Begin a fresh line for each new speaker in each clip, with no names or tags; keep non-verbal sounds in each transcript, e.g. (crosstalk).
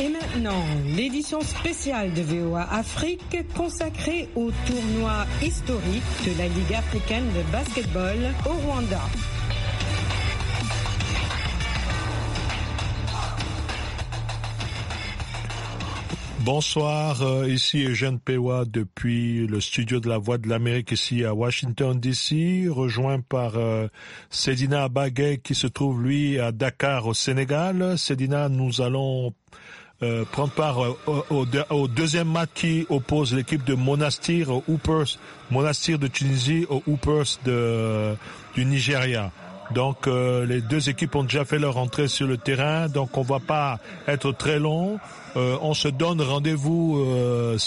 Et maintenant, l'édition spéciale de VOA Afrique consacrée au tournoi historique de la Ligue africaine de basketball au Rwanda.
Bonsoir, euh, ici Eugène Pewa depuis le studio de la Voix de l'Amérique ici à Washington DC, rejoint par euh, Sedina qui se trouve lui à Dakar au Sénégal. Sedina, nous allons euh, prend part euh, au, deuxième match qui oppose l'équipe de Monastir au Hoopers, Monastir de Tunisie au Hoopers du Nigeria. Donc euh, les deux équipes ont déjà fait leur entrée sur le terrain, donc on ne va pas être très long. Euh, on se donne rendez-vous, euh,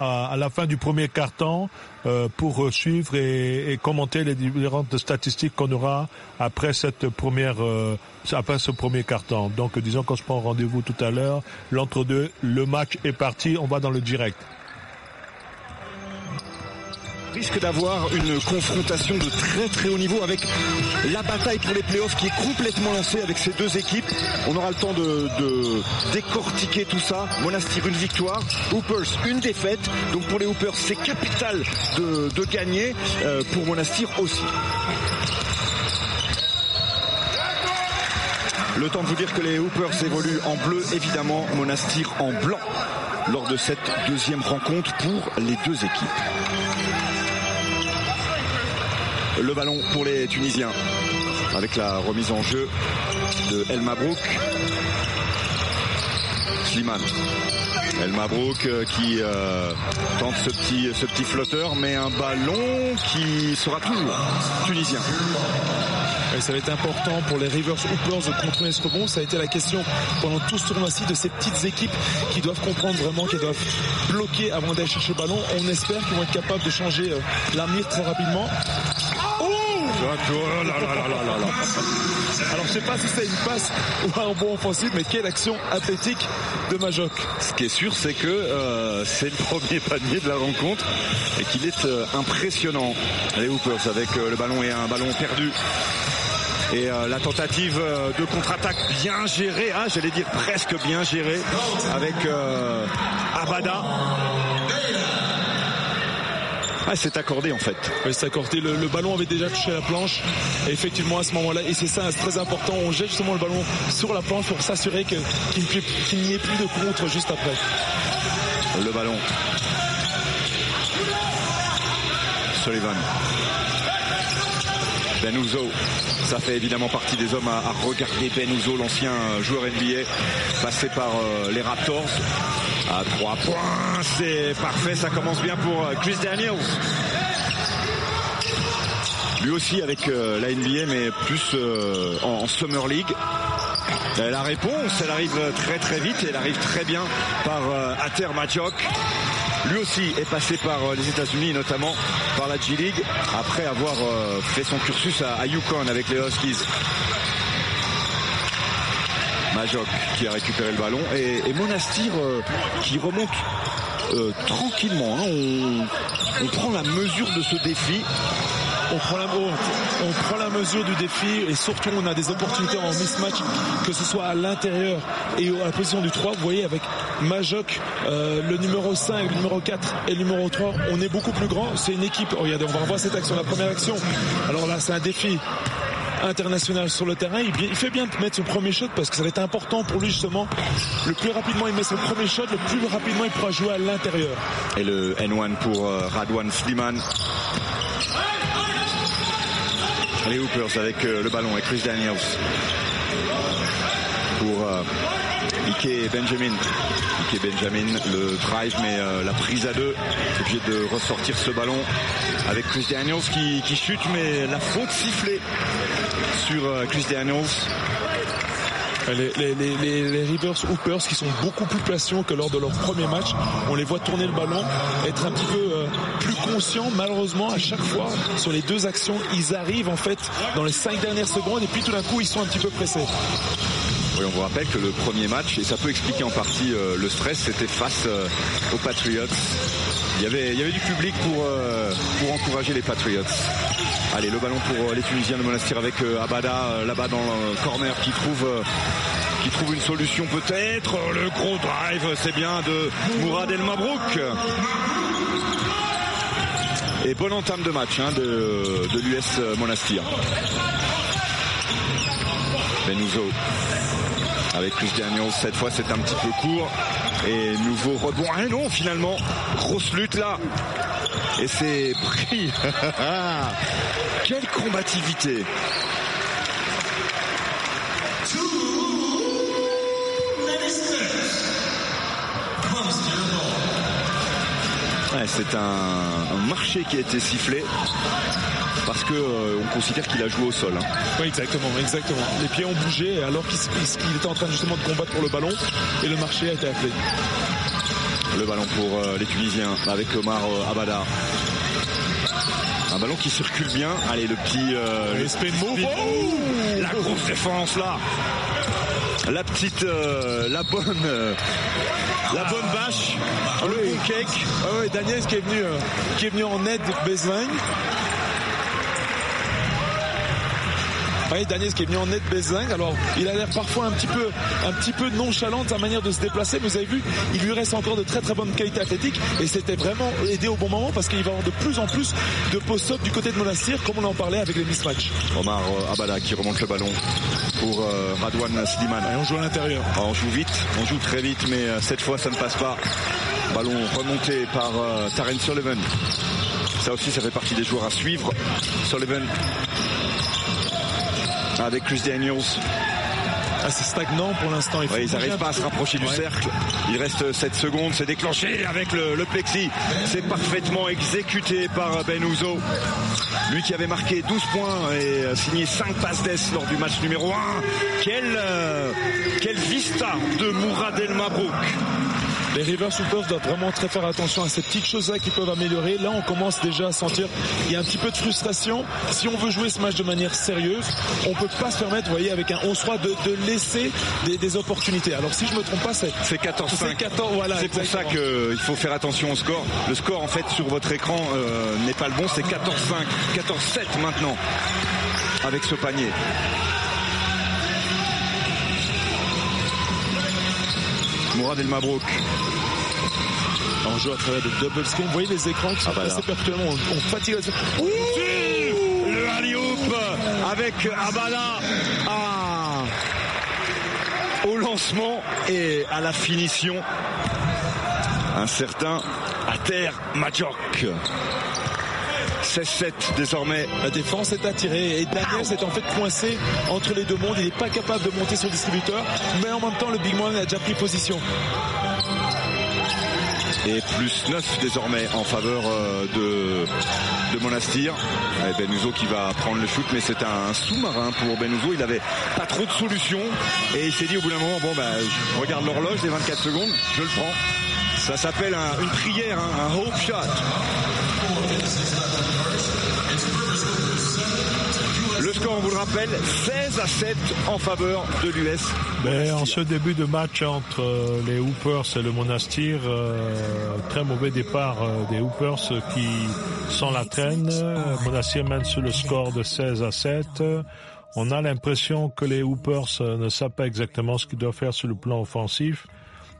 à, la fin du premier carton euh, pour suivre et, commenter les différentes statistiques qu'on aura après cette première, euh, après ce premier carton. Donc, disons qu'on se prend rendez-vous tout à l'heure. L'entre-deux, le match est parti. On va dans le direct
risque d'avoir une confrontation de très très haut niveau avec la bataille pour les playoffs qui est complètement lancée avec ces deux équipes. On aura le temps de, décortiquer tout ça. Monastir une victoire, Hoopers une défaite. Donc pour les Hoopers c'est capital de, gagner, euh, pour Monastir aussi. Le temps de vous dire que les Hoopers évoluent en bleu, évidemment, Monastir en blanc lors de cette deuxième rencontre pour les deux équipes le ballon pour les Tunisiens avec la remise en jeu de El Mabrouk. Slimane. El Mabrouk euh, qui euh, tente ce petit, ce petit flotteur, mais un ballon qui sera toujours tunisien.
Et ça va être important pour les Rivers Hoopers de contrôler ce rebond. Ça a été la question pendant tout ce tournoi-ci de ces petites équipes qui doivent comprendre vraiment, qu'elles doivent bloquer avant d'aller chercher le ballon. On espère qu'ils vont être capables de changer euh, l'avenir très rapidement. Alors je sais pas si c'est une passe ou un bon offensif, mais quelle action athlétique
de Majoc. Ce qui est sûr, c'est que euh, c'est le premier panier de la rencontre et qu'il est euh, impressionnant. Les Hoopers avec euh, le ballon et un ballon perdu. Et la tentative de contre-attaque bien gérée, hein, j'allais dire presque bien gérée, avec Abada
ah, c'est accordé en fait. c'est accordé. Le, ballon avait déjà touché la planche. effectivement, à ce moment-là, et c'est ça, c'est très important. On jette justement le ballon sur la planche pour s'assurer qu'il n'y ait plus de contre juste après.
Le ballon. Sullivan. Ben Uzo ça fait évidemment partie des hommes à, regarder Ben l'ancien euh, joueur NBA, passé par euh, les Raptors. À 3 points, c'est parfait, ça commence bien pour euh, Chris Daniels. Lui aussi avec la NBA, mais plus en, Summer League. la réponse, elle arrive très très vite et elle arrive très bien par Ater Matjok lui aussi est passé par euh, les États-Unis, notamment par la G-League, après avoir euh, fait son cursus à, Yukon avec les Huskies. Majok qui a récupéré le ballon et, Monastir euh, qui remonte tranquillement. Hein. on prend la mesure de ce défi on prend, la, mesure du
défi et surtout on a des opportunités en mismatch, que ce soit à l'intérieur et à la position du 3. Vous voyez, avec Majoc, euh, le numéro 5, le numéro 4 et le numéro 3, on est beaucoup plus grand. C'est une équipe. Oh, regardez, on va revoir cette action, la première action. Alors là, c'est un défi international sur le terrain. Il, fait bien de mettre son premier shot parce que ça va être important pour lui justement. Le plus rapidement il met son premier shot, le plus rapidement il pourra jouer à l'intérieur.
Et le N1 pour euh, Radwan Sliman. Les Hoopers avec euh, le ballon et Chris Daniels pour euh, Ike Benjamin. Ike Benjamin, le drive, mais euh, la prise à deux. C'est obligé de ressortir ce ballon avec Chris Daniels qui, chute, mais la faute sifflée sur Chris Daniels les, les, les, Rivers Hoopers qui
sont beaucoup plus patients que lors de leur premier match. On les voit tourner le ballon, être un petit peu euh, plus conscients. Malheureusement, à chaque fois, sur les deux actions, ils arrivent en fait dans les cinq dernières secondes et puis tout d'un coup, ils sont un petit peu pressés.
Oui, on vous rappelle que le premier match, et ça peut expliquer en partie euh, le stress, c'était face euh, aux Patriots il y avait, du public euh, pour, encourager les Patriots. Allez, le ballon pour euh, les Tunisiens de Monastir avec euh, Abada là-bas dans le corner qui trouve qui trouve une solution peut-être. Le gros drive, c'est bien de Mourad El Mabrouk. Et bonne entame de match hein, de, de l'US Monastir. Benouzo avec Cristiano. Cette fois, c'est un petit peu court. Et nouveau rebond. Ah non, finalement, grosse lutte là. Et c'est pris. (laughs) Ah, ah, ah. Quelle combativité c'est un, marché qui a été sifflé parce qu'on euh, considère qu'il a joué au sol. Hein.
Oui, exactement, exactement. Les pieds ont bougé alors qu'il était
en train justement de combattre pour le ballon et le
marché a été appelé.
Le ballon pour euh, les Tunisiens avec Omar euh, Abada. Un ballon qui circule bien. Allez, le petit. Respect le la grosse défense là la petite, euh, la bonne, euh, la bonne vache ah le oui. bon cake. Ah Daniel qui est venu, euh,
qui est venu en aide de voyez Daniel qui est venu en net Bézing. Alors, il a l'air parfois un petit peu, un petit peu nonchalant de sa manière de se déplacer. Mais vous avez vu, il lui reste encore de très très bonnes qualités athlétiques. Et c'était vraiment aidé au bon moment parce qu'il va avoir de plus en plus de post-up du côté de Monastir, comme on en parlait avec les mismatchs.
Omar euh, Abada qui remonte le ballon pour euh, Radwan Sidiman Et on joue à l'intérieur. Ah, on joue vite, on joue très vite, mais euh, cette fois ça ne passe pas. Ballon remonté par Taren Sullivan. Ça aussi, ça fait partie des joueurs à suivre. Sullivan avec Chris Daniels. Assez ah, stagnant pour l'instant. ils n'arrivent pas à se rapprocher du cercle. Il reste 7 secondes. C'est déclenché avec le, plexi. C'est parfaitement exécuté par Ben Uzo. Lui qui avait marqué 12 points et euh, signé 5 passes d'ess lors du match numéro 1. Quelle, euh, quelle vista de Mourad El Mabrouk.
Les River Shooters doivent vraiment très faire attention à ces petites choses-là qui peuvent améliorer. Là, on commence déjà à sentir il y a un petit peu de frustration. Si on veut jouer ce match de manière sérieuse, on peut pas se permettre, vous voyez, avec un 11-3 de, laisser des, opportunités. Alors, si je me trompe pas, c'est 14-5.
c'est pour ça qu'il faut faire attention au score. Le score, en fait, sur votre écran euh, n'est pas le bon. C'est 14-5, 14-7 maintenant avec ce panier.
Mourad El Mabrouk. En joue à travers le double screen. Vous voyez les écrans qui sont ah bah assez
On, fatigue. le avec Abala. Ah. au lancement et à la finition. Un certain à terre Majok. 7 désormais. La défense est attirée et Daniel ah. s'est en fait
coincé entre les deux mondes. Il n'est pas capable de monter sur distributeur, mais en même temps, le Big Man a déjà pris position.
Et plus 9 désormais en faveur euh, de, de Monastir. Et eh, Benouzo qui va prendre le shoot, mais c'est un sous-marin pour Benouzo. Il n'avait pas trop de solutions. Et il s'est dit au bout d'un moment, bon bah je regarde l'horloge les 24 secondes, je le prends. Ça s'appelle une prière, hein, un hope shot.
rappelle, 16 à 7 en faveur de l'US. Ben, en ce début de match entre euh, les Hoopers et le Monastir, euh, très mauvais départ euh, des Hoopers qui sont la traîne. Monastir mène sur le score de 16 à 7. On a l'impression que les Hoopers ne savent pas exactement ce qu'ils doivent faire sur le plan offensif.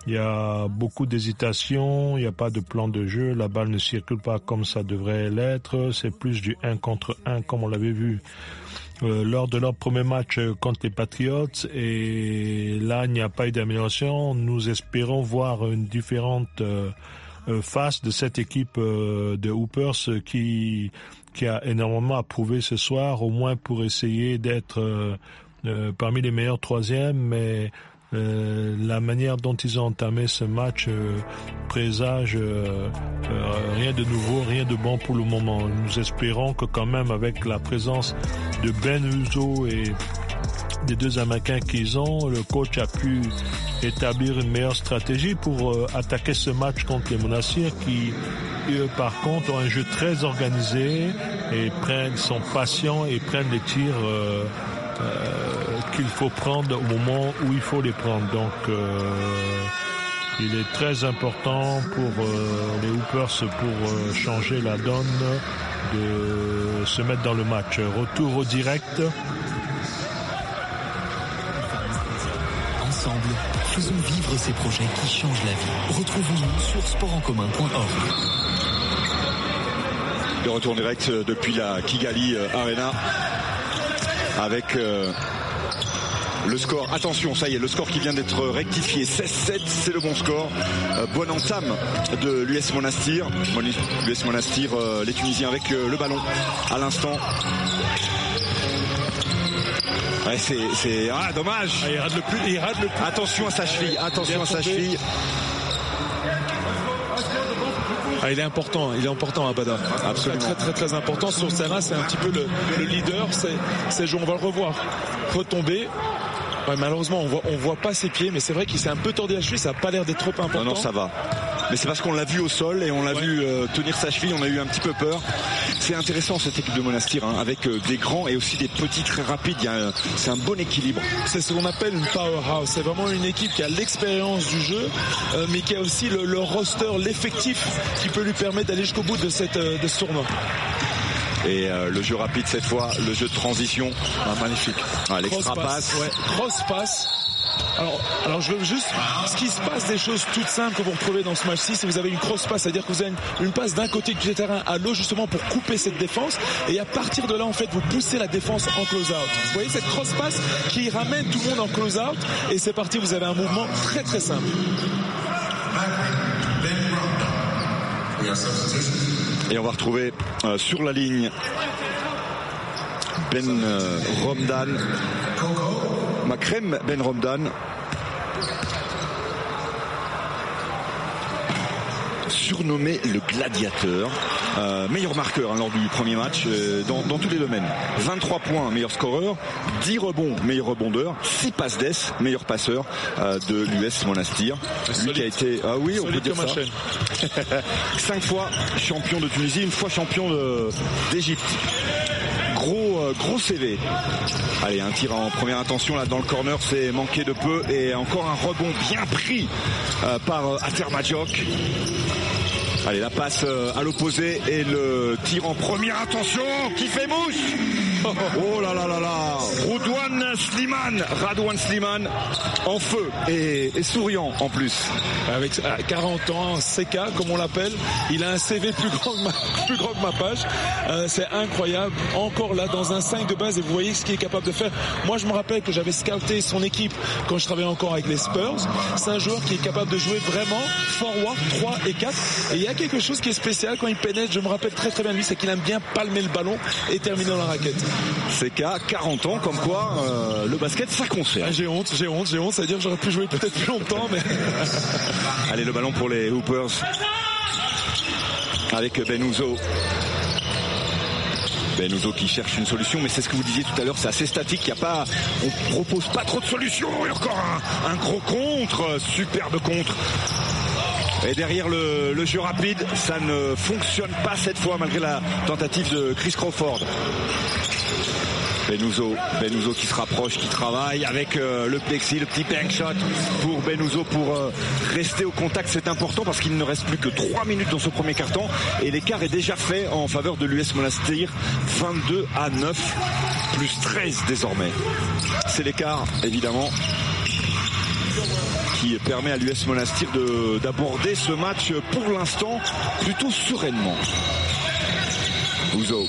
Il y a beaucoup d'hésitation, il n'y a pas de plan de jeu, la balle ne circule pas comme ça devrait l'être, c'est plus du 1 contre 1 comme on l'avait vu euh, lors de leur premier match euh, contre les Patriots et là il n'y a pas eu d'amélioration. Nous espérons voir une différente euh, face de cette équipe de Hoopers qui qui a énormément approuvé ce soir, au moins pour essayer d'être parmi les meilleurs troisièmes, mais euh, la manière dont ils ont entamé ce match euh, présage euh, rien de nouveau, rien de bon pour le moment. Nous espérons que quand même avec la présence de Ben Uzo et des deux Américains qu'ils ont, le coach a pu établir une meilleure stratégie pour attaquer ce match contre les Monassirs qui, eux, par contre, ont un jeu très organisé et prennent, sont patients et prennent les tirs euh, qu'il faut prendre au moment où il faut les prendre. Donc euh, il est très important pour euh, les Hoopers pour changer la donne de se mettre dans le match. Retour au direct. Ensemble, faisons vivre ces projets
qui changent la vie. Retrouvons-nous sur sportencommun.org. De retour direct depuis la Kigali Arena avec euh, le score. Attention, ça y est, le score qui vient d'être rectifié. 16-7, c'est le bon score. Euh, bon bonne entame de l'US Monastir. L'US euh, Monastir, les Tunisiens avec le ballon à l'instant. c'est ah dommage. Ah, il le plus, il rate le Attention à sa cheville, attention à sa cheville.
Ah, il est important, il est important Abada. Absolument. Très, très, très important. Sur cela, c'est un petit peu le, leader. C'est on va le revoir. Retomber. malheureusement, on voit, voit pas ses pieds, mais c'est vrai qu'il s'est un peu tordu la cheville. Ça a
pas l'air d'être trop important. Non, non, ça va mais c'est parce qu'on l'a vu au sol et on l'a vu euh, tenir sa cheville, on a eu un petit peu peur. C'est intéressant cette équipe de Monastir, hein, avec euh, des grands et aussi des petits très rapides. C'est un bon équilibre. C'est ce qu'on appelle une powerhouse. C'est vraiment une équipe qui a l'expérience du
jeu, euh, mais qui a aussi le, roster, l'effectif qui peut lui permettre d'aller jusqu'au bout de, cette, de ce tournoi.
Et le jeu rapide cette fois, le jeu de transition, ah, magnifique. Ah, L'extra passe.
passe. Alors, je veux juste ce qui se passe des choses toutes simples que vous retrouvez dans ce match-ci, c'est que vous avez une cross passe, c'est-à-dire que vous avez une, passe d'un côté du terrain à l'eau justement pour couper cette défense et à partir de là en fait vous poussez la défense en close-out. Vous voyez cette cross passe qui ramène tout le monde en close-out et c'est parti, vous avez un mouvement très très simple.
Et on va retrouver euh, sur la ligne Ben euh, Romdan Makrem Ben Romdan. surnommé le gladiateur. Euh, meilleur marqueur hein, lors du premier match euh, dans, tous les domaines. 23 points, meilleur scoreur, 10 rebonds, meilleur rebondeur, 6 passes des meilleur passeur euh, de l'US Monastir. Lui qui a été, ah oui, on 5 (laughs) fois champion de Tunisie, une fois champion d'Égypte gros, euh, gros CV. Allez, un tir en première intention là dans le corner, c'est manqué de peu et encore un rebond bien pris euh, par Majok euh, Allez, la passe à l'opposé et le tir en première intention qui fait mouche (laughs) Oh là là là là Roudouane Sliman Radouane Sliman en feu et, souriant en plus.
Avec 40 euh, ans, CK comme on l'appelle, il a un CV plus grand que ma, page. Euh, c'est incroyable. Encore là, dans un 5 de base, et vous voyez ce qu'il est capable de faire. Moi, je me rappelle que j'avais scouté son équipe quand je travaillais encore avec les Spurs. C'est un joueur qui est capable de jouer vraiment forward 3 et 4. Et il y a quelque chose qui est spécial quand il pénètre. Je me rappelle très très bien de lui, c'est qu'il aime bien palmer le ballon et terminer dans la raquette c'est qu'à 40 ans, comme quoi euh, le basket ça concerne. Ah, j'ai honte, j'ai honte, j'ai honte, ça veut dire j'aurais pu jouer peut-être plus longtemps, mais.
(laughs) Allez, le ballon pour les Hoopers. Avec Ben Uzo qui cherche une solution, mais c'est ce que vous disiez tout à l'heure, c'est assez statique, il a pas, on propose pas trop de solutions, encore un, gros contre, superbe contre et derrière le, jeu rapide, ça ne fonctionne pas cette fois malgré la tentative de Chris Crawford. Benouzo, Benouzo qui se rapproche, qui travaille avec euh, le plexi, le petit bank shot pour Benouzo pour euh, rester au contact, c'est important parce qu'il ne reste plus que 3 minutes dans ce premier carton et l'écart est déjà fait en faveur de l'US Monastir 22 à 9 plus 13 désormais. C'est l'écart évidemment qui permet à l'US Monastir d'aborder ce match pour l'instant plutôt sereinement. Bouzo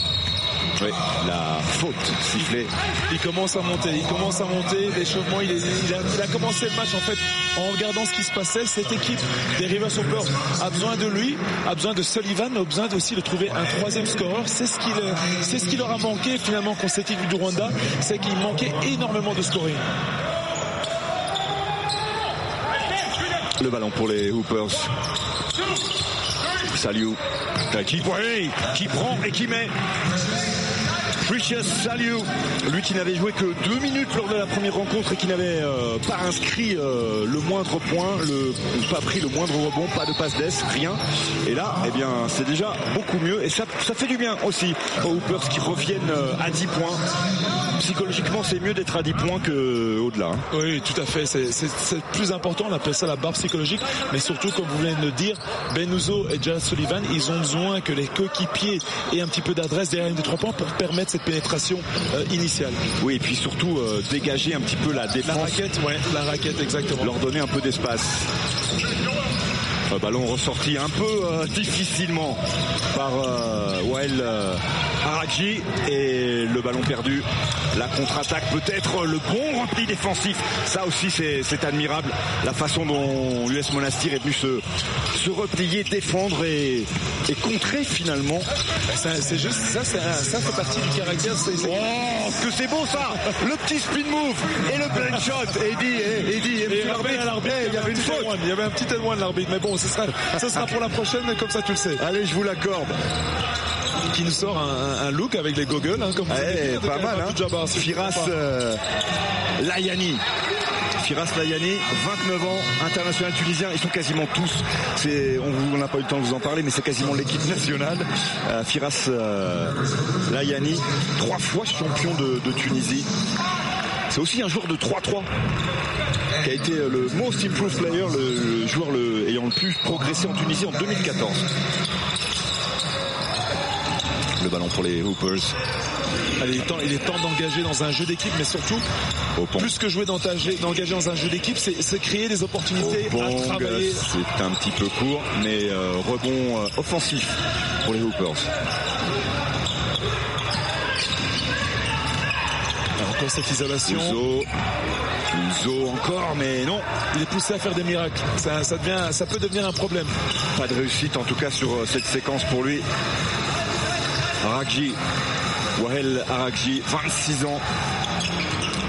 la faute sifflée. Il, commence à
monter, il commence à monter. L'échauffement, il, a, commencé le match en fait en regardant ce qui se passait. Cette équipe des Rivers Peur a besoin de lui, a besoin de Sullivan, a besoin aussi de trouver un troisième scoreur. C'est ce qu'il c'est ce qui leur a manqué finalement contre cette équipe du Rwanda, c'est qu'il manquait énormément de scoring.
Le ballon pour les Hoopers. Salut. Qui, qui prend et qui met. Precious Saliu, lui qui n'avait joué que deux minutes lors de la première rencontre et qui n'avait euh, pas inscrit euh, le moindre point, le, pas pris le moindre rebond, pas de passe d'ess, rien. Et là, eh bien, c'est déjà beaucoup mieux et ça, fait du bien aussi aux Hoopers qui reviennent euh, à 10 points. Psychologiquement, c'est mieux d'être à 10 points qu'au-delà. Hein. Oui, tout à fait. C'est plus important. On appelle ça la barre psychologique.
Mais surtout, comme vous venez de le dire, ben Uzo et Jazz Sullivan, ils ont besoin que les coéquipiers aient un petit peu d'adresse derrière les des trois points pour permettre cette pénétration euh, initiale. Oui, et puis surtout
euh, dégager un petit peu la défense. La raquette, ouais, la raquette, exactement. Leur donner un peu d'espace. Ah, ballon ressorti un peu euh, difficilement par Wael Haraji et le ballon perdu. La contre-attaque peut-être le bon repli défensif. Ça aussi c'est admirable. La façon dont l'US Monastir est venu se, replier, défendre et, contrer finalement. C'est juste ça, ça, fait partie du caractère. Oh, que c'est beau ça Le
petit spin move et le blind shot. Eddie, eh, Eddie, et, eh, eh, Il y avait une faute. il y avait un petit témoin de l'arbitre. Mais bon, ce sera, sera pour la prochaine, comme ça tu le sais. Allez, je vous l'accorde
qui, nous sort un, look avec les goggles, hein, comme pas mal. Hein. hein. Firas euh, Layani. Firas Layani, 29 ans, international tunisien, ils sont quasiment tous, on n'a pas eu le temps de vous en parler, mais c'est quasiment l'équipe nationale. Euh, Firas euh, Layani, trois fois champion de, Tunisie. C'est aussi un joueur de 3-3 qui a été le most improved player, le, joueur ayant le plus progressé en Tunisie en 2014. Le ballon pour les Hoopers. il, est temps, d'engager dans un jeu d'équipe, mais surtout,
plus que jouer d'engager dans un jeu d'équipe, c'est créer des opportunités travailler.
C'est un petit peu court, mais euh, rebond euh, offensif pour les Hoopers. Encore cette isolation. encore, mais non. Il est poussé à faire des miracles. devient, ça peut devenir un problème. Pas de réussite en tout cas sur euh, cette séquence pour lui. Arakji, Wahel Arakji, 26 ans,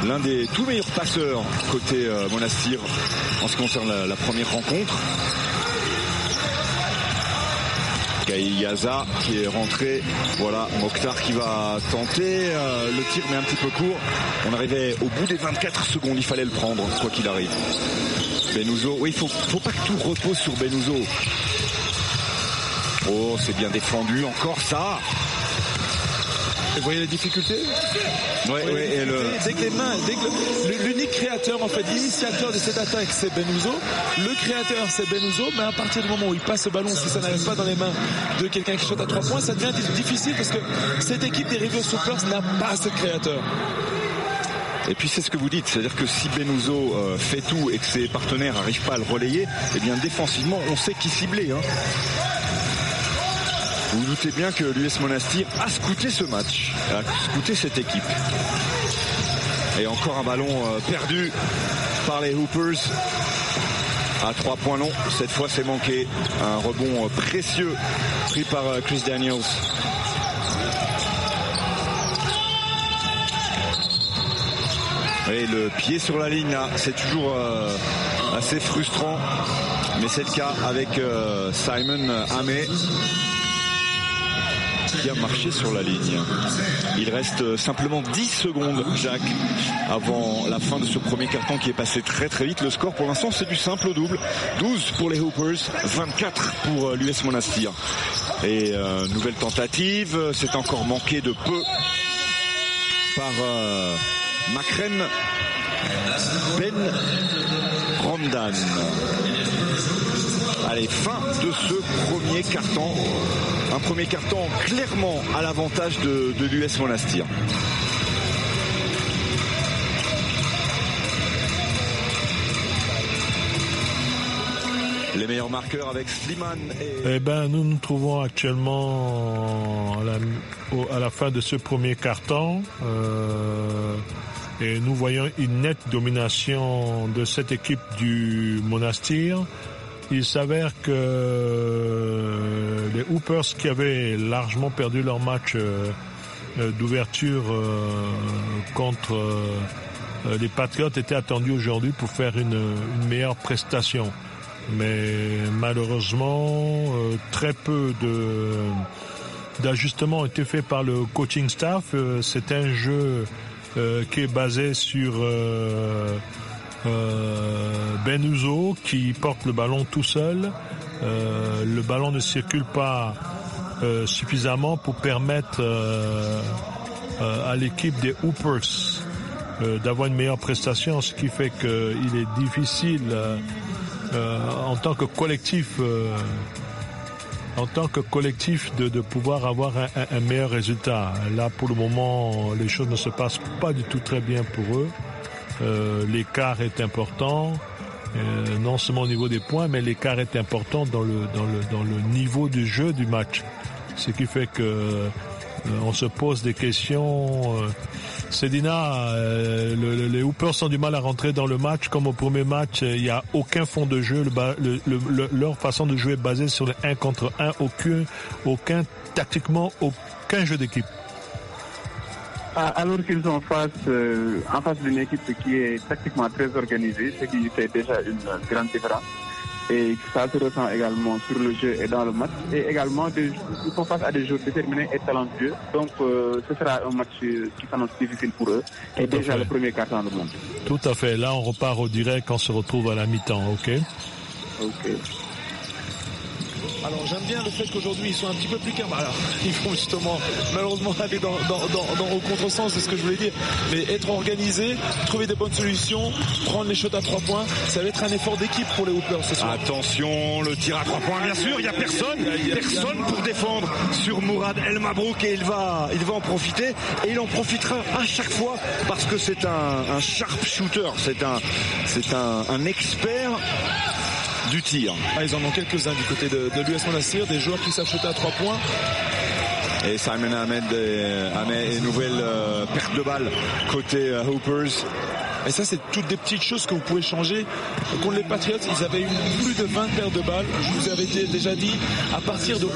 l'un des tout meilleurs passeurs côté euh, Monastir en ce qui concerne la, première rencontre. Yaza qui est rentré. Voilà, Mokhtar qui va tenter. Euh, le tir mais un petit peu court. On arrivait au bout des 24 secondes, il fallait le prendre, quoi qu'il arrive. Benouzo, oui, il faut, faut pas que tout repose sur Benouzo. Oh, c'est bien défendu encore ça vous voyez les difficultés Dès que les
mains, l'unique créateur, en fait, l'initiateur de cette attaque, c'est Benouzo. Le créateur, c'est Benouzo, mais à partir du moment où il passe le ballon, si ça n'arrive pas dans les mains de quelqu'un qui saute à 3 points, ça devient difficile parce que cette équipe des River Soupers n'a pas ce créateur.
Et puis c'est ce que vous dites, c'est-à-dire que si Benouzo euh, fait tout et que ses partenaires n'arrivent pas à le relayer, eh bien défensivement on sait qui cibler. Hein. Vous, vous doutez bien que l'US Monastir a scouté ce match, a scouté cette équipe. Et encore un ballon euh, perdu par les Hoopers. À trois points longs, cette fois c'est manqué. Un rebond euh, précieux pris par euh, Chris Daniels. Et le pied sur la ligne là, c'est toujours assez frustrant. Mais c'est le cas avec Simon Hamé qui a marché sur la ligne. Il reste simplement 10 secondes, Jacques, avant la fin de ce premier carton qui est passé très très vite. Le score pour l'instant c'est du simple au double. 12 pour les Hoopers, 24 pour euh, l'US Monastir. Et euh, nouvelle tentative, c'est encore manqué de peu par euh, Macren Ben Rondan. Allez, fin de ce premier carton. Un premier carton clairement à l'avantage de, l'US Monastir. Les meilleurs marqueurs avec Slimane
et... Eh ben, nous nous trouvons actuellement à la, fin de ce premier carton. Euh, et nous voyons une nette domination de cette équipe du Monastir. Il s'avère que euh, les Hoopers qui avaient largement perdu leur match euh, euh, d'ouverture contre les Patriotes étaient attendus aujourd'hui pour faire une, meilleure prestation. Mais malheureusement, très peu d'ajustements ont été faits par le coaching staff. C'est un jeu qui est basé sur euh, ben Uzo qui porte le ballon tout seul. Euh, le ballon ne circule pas euh, suffisamment pour permettre à l'équipe des Hoopers d'avoir une meilleure prestation, ce qui fait qu'il est difficile en tant que collectif en tant que collectif de, pouvoir avoir un, meilleur résultat. Là, pour le moment, les choses ne se passent pas du tout très bien pour eux. Euh, l'écart est important, euh, non seulement au niveau des points, mais l'écart est important dans le, dans, le, dans le niveau du jeu du match. Ce qui fait que euh, on se pose des questions. Sedina, les Hoopers ont du mal à rentrer dans le match. Comme au premier match, il n'y a aucun fond de jeu. leur façon de jouer est basée sur le 1 contre 1, aucun, aucun tactiquement, aucun jeu d'équipe.
Alors qu'ils sont face, euh, en face d'une équipe qui est tactiquement très organisée, ce qui fait déjà une grande différence.
Et qui se ressent également sur le jeu et dans le match. Et également, ils font face à des joueurs déterminés et talentueux. Donc, euh, ce sera un match qui s'annonce difficile pour eux. et déjà le premier quart dans du monde.
Tout à fait. Là, on repart au direct. On se retrouve à la mi-temps. OK
OK. Alors j'aime bien le fait qu'aujourd'hui ils soient un petit peu plus calmes. (laughs) ils vont justement malheureusement aller dans, dans, dans, dans au contresens, c'est ce que je voulais dire. Mais être organisé, trouver des bonnes solutions, prendre les shots à trois points, ça va être un effort d'équipe pour les Hoopers ce soir.
Attention, le tir à trois points, bien sûr, il n'y a personne, personne pour défendre sur Mourad El Mabrouk et il va, il va en profiter et il en profitera à chaque fois parce que c'est un, un sharp shooter, c'est un, c'est un, un expert du
tir. Ah, ils en ont quelques-uns du côté de, l'US Monastir, des joueurs qui s'achetaient à 3 points.
Et Simon Ahmed, et, euh, Ahmed et nouvelle euh, perte de balle côté euh, Hoopers. Et ça, c'est toutes des petites choses que vous pouvez changer. Contre les Patriots, ils avaient eu plus de 20
paires de balles. Je vous avais déjà dit, à partir de 11-12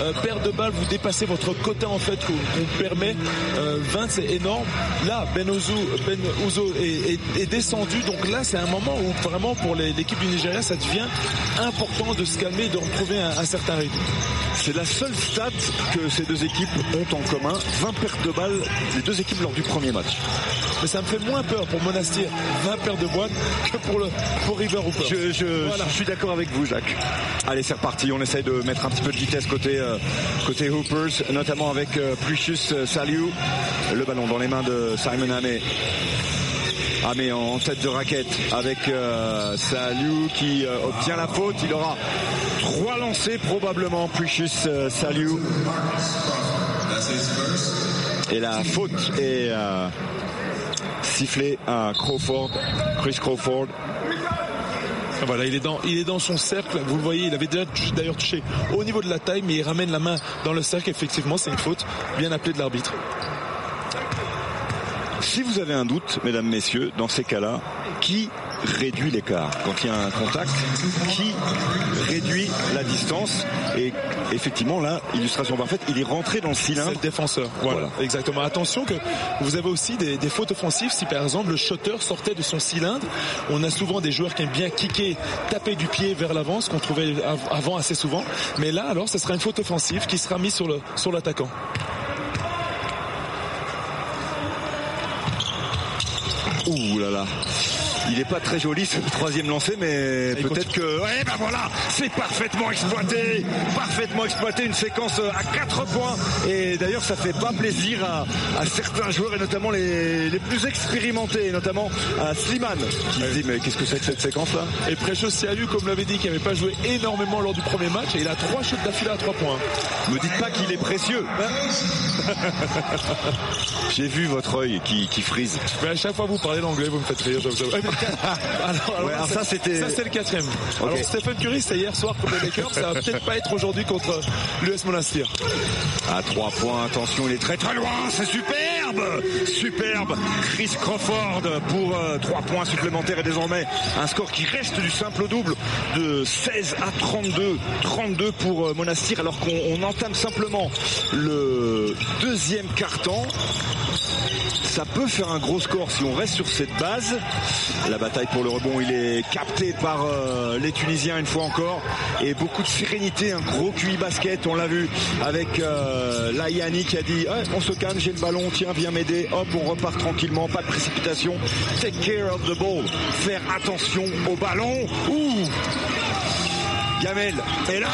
euh, paires de balles, vous dépassez votre quota en fait qu'on permet. 20, euh, c'est énorme. Là, Ben Ouzo ben est, descendu. Donc là, c'est un moment où vraiment pour l'équipe du Nigeria, ça devient important de se calmer, de retrouver un, certain rythme. C'est la seule stat que ces deux équipes ont en commun. 20 pertes de balles, les deux équipes lors du premier match. Mais
ça me fait moins peur pour Monastir 20 paires de boîtes que pour, le, pour River Hooper. Je, suis d'accord avec vous, Jacques. Allez, c'est reparti. On essaye de mettre un petit peu de vitesse côté, euh, côté Hoopers, notamment avec euh, euh Saliu. Le ballon dans les mains de Simon Amé. Amé en tête de raquette avec euh, Saliu qui obtient la faute. Il aura trois lancers probablement, Precious Saliu Et la faute est siffler à Crawford, Chris Crawford. Ah, voilà, il est dans,
il est dans son cercle. Vous le voyez, il avait déjà d'ailleurs touché au niveau de la taille, mais il ramène la main dans le cercle. Effectivement, c'est une faute bien appelée de l'arbitre.
Si vous avez un doute, mesdames, messieurs, dans ces cas-là, qui réduit l'écart. Quand il y a un contact qui réduit la distance. Et effectivement, là, illustration parfaite, il est rentré dans le cylindre. C'est le défenseur. Voilà. Exactement. Attention que vous avez aussi des, fautes offensives.
Si par exemple le shotter sortait de son cylindre, on a souvent des joueurs qui aiment bien kicker, taper du pied vers l'avant, ce qu'on trouvait avant assez souvent. Mais là, alors, ce sera une faute offensive qui sera mise sur le sur l'attaquant.
Ouh là là. Il n'est pas très joli ce troisième lancé, mais bah, peut-être que. Eh ben voilà, c'est parfaitement exploité, parfaitement exploité, une séquence euh, à 4 points. Et d'ailleurs, ça fait pas plaisir à, certains joueurs et notamment les, plus expérimentés, notamment à Slimane, qui dit mais qu'est-ce que c'est que cette séquence-là Et a eu, comme
l'avait dit, qui n'avait pas
joué énormément lors du premier match, et il a trois chutes d'affilée à 3 points. Me dites pas qu'il est précieux. (laughs) J'ai vu votre œil qui, frise. Mais à chaque fois vous parlez l'anglais, vous me faites rire alors, ça, c'était. le
quatrième. Alors, Stephen Curry, c'était hier soir contre les Lakers. ça va peut-être pas être aujourd'hui contre l'US Monastir.
À trois points, attention, il est très très loin. C'est superbe! Superbe! Chris Crawford pour 3 euh, points supplémentaires et désormais un score qui reste du simple double de 16 à 32. 32 pour euh, Monastir alors qu'on entame simplement le deuxième carton. Ça peut faire un gros score si on reste sur cette base. La bataille pour le rebond, il est capté par euh, les Tunisiens une fois encore. Et beaucoup de sérénité, un gros QI basket, on l'a vu avec euh, la qui a dit ah, on se calme, j'ai le ballon, tiens, viens m'aider, hop, on repart tranquillement, pas de précipitation. Take care of the ball. Faire attention au ballon. Ouh Gamel est là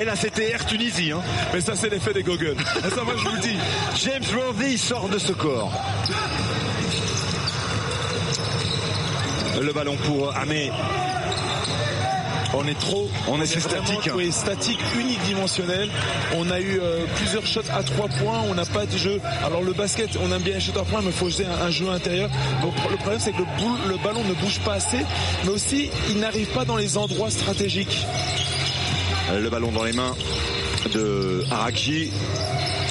et là, c'était Air Tunisie. Hein. Mais ça, c'est l'effet des goggles. Ah, ça, moi, je vous le dis. James Worthy, sort de ce corps. Le ballon pour Amé. On est trop, on, est, statique. on est statique,
unidimensionnel. On a eu euh, plusieurs shots à trois points. On n'a pas de jeu. Alors le basket, on aime bien les shots à points, mais il faut jouer un, jeu intérieur. Donc, le problème, c'est que le, ballon ne bouge pas assez, mais aussi il n'arrive pas dans les endroits stratégiques.
Le ballon dans les mains de Araki.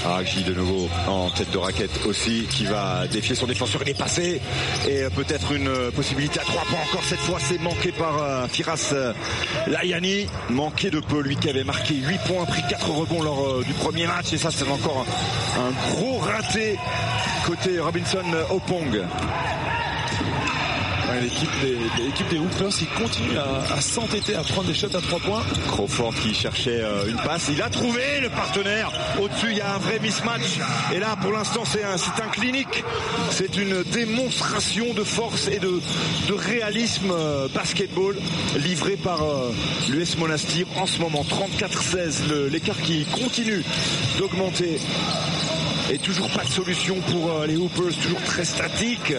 Araki de nouveau en tête de raquette aussi qui va défier son défenseur. Il est passé et peut-être une possibilité à trois points encore cette fois. C'est manqué par euh, Firas euh, Layani. Manqué de peu lui qui avait marqué 8 points, pris 4 rebonds lors euh, du premier match et ça c'est encore un, gros raté côté Robinson Opong l'équipe des, l'équipe Hoopers qui continue à, s'entêter, à prendre des shots à trois points. Crawford qui cherchait euh, une passe, il a trouvé le partenaire. Au-dessus, il y a un vrai mismatch. Et là, pour l'instant, c'est un, clinique. C'est une démonstration de force et de, réalisme euh, basketball livré par euh, l'US Monastir en ce moment. 34-16, l'écart qui continue d'augmenter et toujours pas de solution pour euh, les Hoopers, toujours très statique.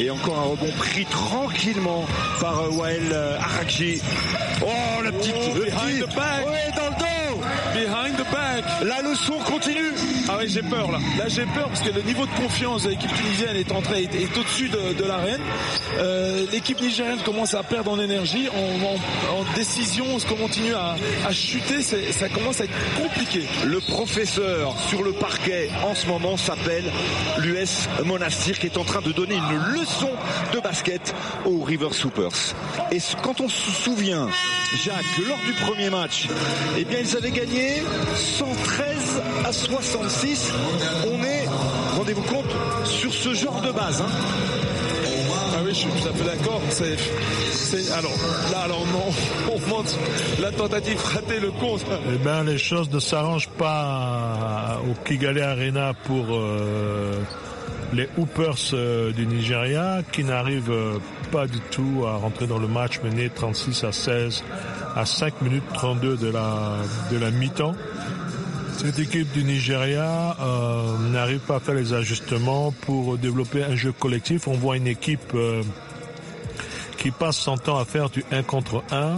Et encore un rebond pris tranquillement par euh, Wael euh, Araki. Oh, la petite... Oh, le petit, dans
ben, la leçon continue. Ah oui, j'ai peur là. Là, j'ai peur parce que le niveau de confiance de l'équipe tunisienne est est, au-dessus de, l'arène. Euh, l'équipe nigérienne commence à perdre en énergie, en, décision, on continue à, chuter. ça
commence à être compliqué. Le professeur sur le parquet en ce moment s'appelle l'US Monastir qui est en train de donner une leçon de basket aux River Soupers. Et quand on se souvient, Jacques, que lors du premier match, eh bien, ils avaient gagné 113 à 66. On est, rendez-vous compte, sur ce genre de base. Hein. Ah oui, je suis tout à fait d'accord.
C'est, alors, là, alors, on, (laughs) on monte la tentative ratée, le contre.
Eh bien, les choses ne s'arrangent pas au Kigali Arena pour euh, les Hoopers euh, du Nigeria qui n'arrivent pas du tout à rentrer dans le match mené 36 à 16 à 5 minutes 32 de la, de la mi-temps. Cette équipe du Nigeria euh, n'arrive pas à faire les ajustements pour développer un jeu collectif. On voit une équipe euh, qui passe son temps à faire du 1 contre 1,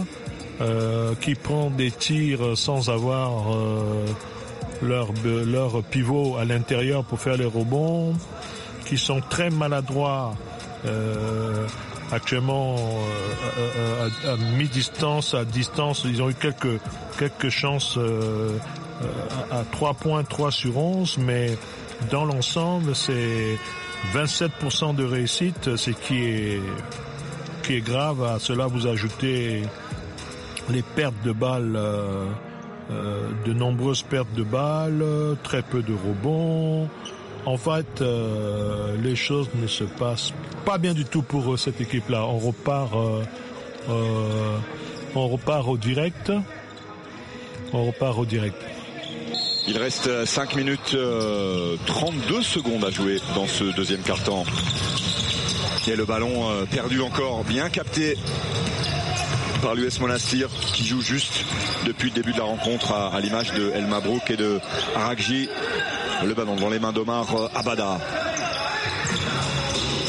euh, qui prend des tirs sans avoir leur, leur pivot à l'intérieur pour faire les rebonds, qui sont très maladroits. Euh, actuellement euh, euh, euh, à, mi-distance, à distance, ils ont eu quelques, quelques chances à, à 3 points, 3 sur 11, mais dans l'ensemble, c'est 27% de réussite, ce qui est, qui est grave. À cela, vous ajoutez les pertes de balles. de nombreuses pertes de balles, très peu de rebonds, en fait, euh, les choses ne se passent pas bien du tout pour euh, cette équipe-là. On repart, euh, on repart au direct. On repart au direct.
Il reste 5 minutes 32 secondes à jouer dans ce deuxième quart-temps. Et le ballon perdu encore, bien capté par l'US Monastir qui joue juste depuis le début de la rencontre à, l'image de El Mabrouk et de Aragji. Le ballon dans les mains d'Omar euh, Abada.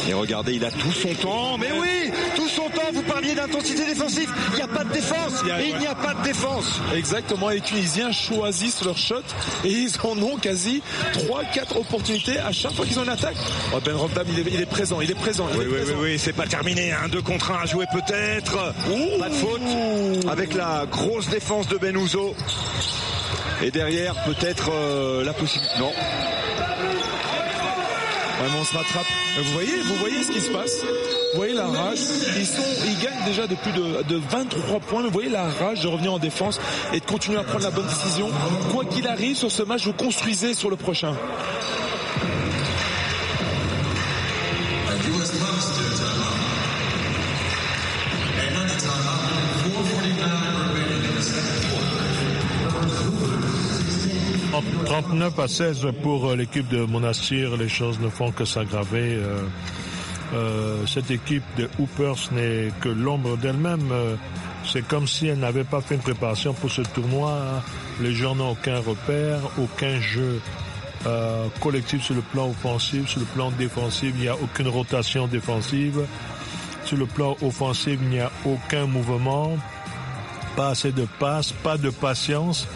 Et regardez, il a tout son temps, mais oui, tout son temps, vous parliez d'intensité défensive, il n'y a pas de défense, il n'y a, pas de défense. Exactement, les Tunisiens
choisissent leur shot et ils en ont quasi 3-4 opportunités à chaque fois qu'ils
ont une attaque. Oh, ben il, est, présent, il est présent. oui, oui, oui, c'est pas terminé, hein. un 2 contre 1 à jouer peut-être, pas de faute. Avec la grosse défense de Benouzo, et derrière, peut-être euh, la possibilité. Non. Vraiment, on se rattrape. Euh, vous voyez, vous voyez ce qui se passe. Vous voyez la rage. Ils sont,
ils gagnent déjà de plus de, de 23 points. Vous voyez la rage de revenir en défense et de continuer à prendre la bonne décision. Quoi qu'il arrive sur ce match, vous construisez sur le prochain.
39 à 16 pour euh, l'équipe de Monastir, les choses ne font que s'aggraver. Euh, euh, cette équipe de Hoopers n'est que l'ombre d'elle-même. C'est comme si elle n'avait pas fait une préparation pour ce tournoi. Hein. Les gens n'ont aucun repère, aucun jeu collectif sur le plan offensif, sur le plan défensif, il n'y a aucune rotation défensive. Sur le plan offensif, il n'y a aucun mouvement, pas assez de passes, pas de patience.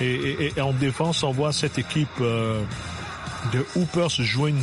Et, en défense, on voit cette équipe euh, de se joindre.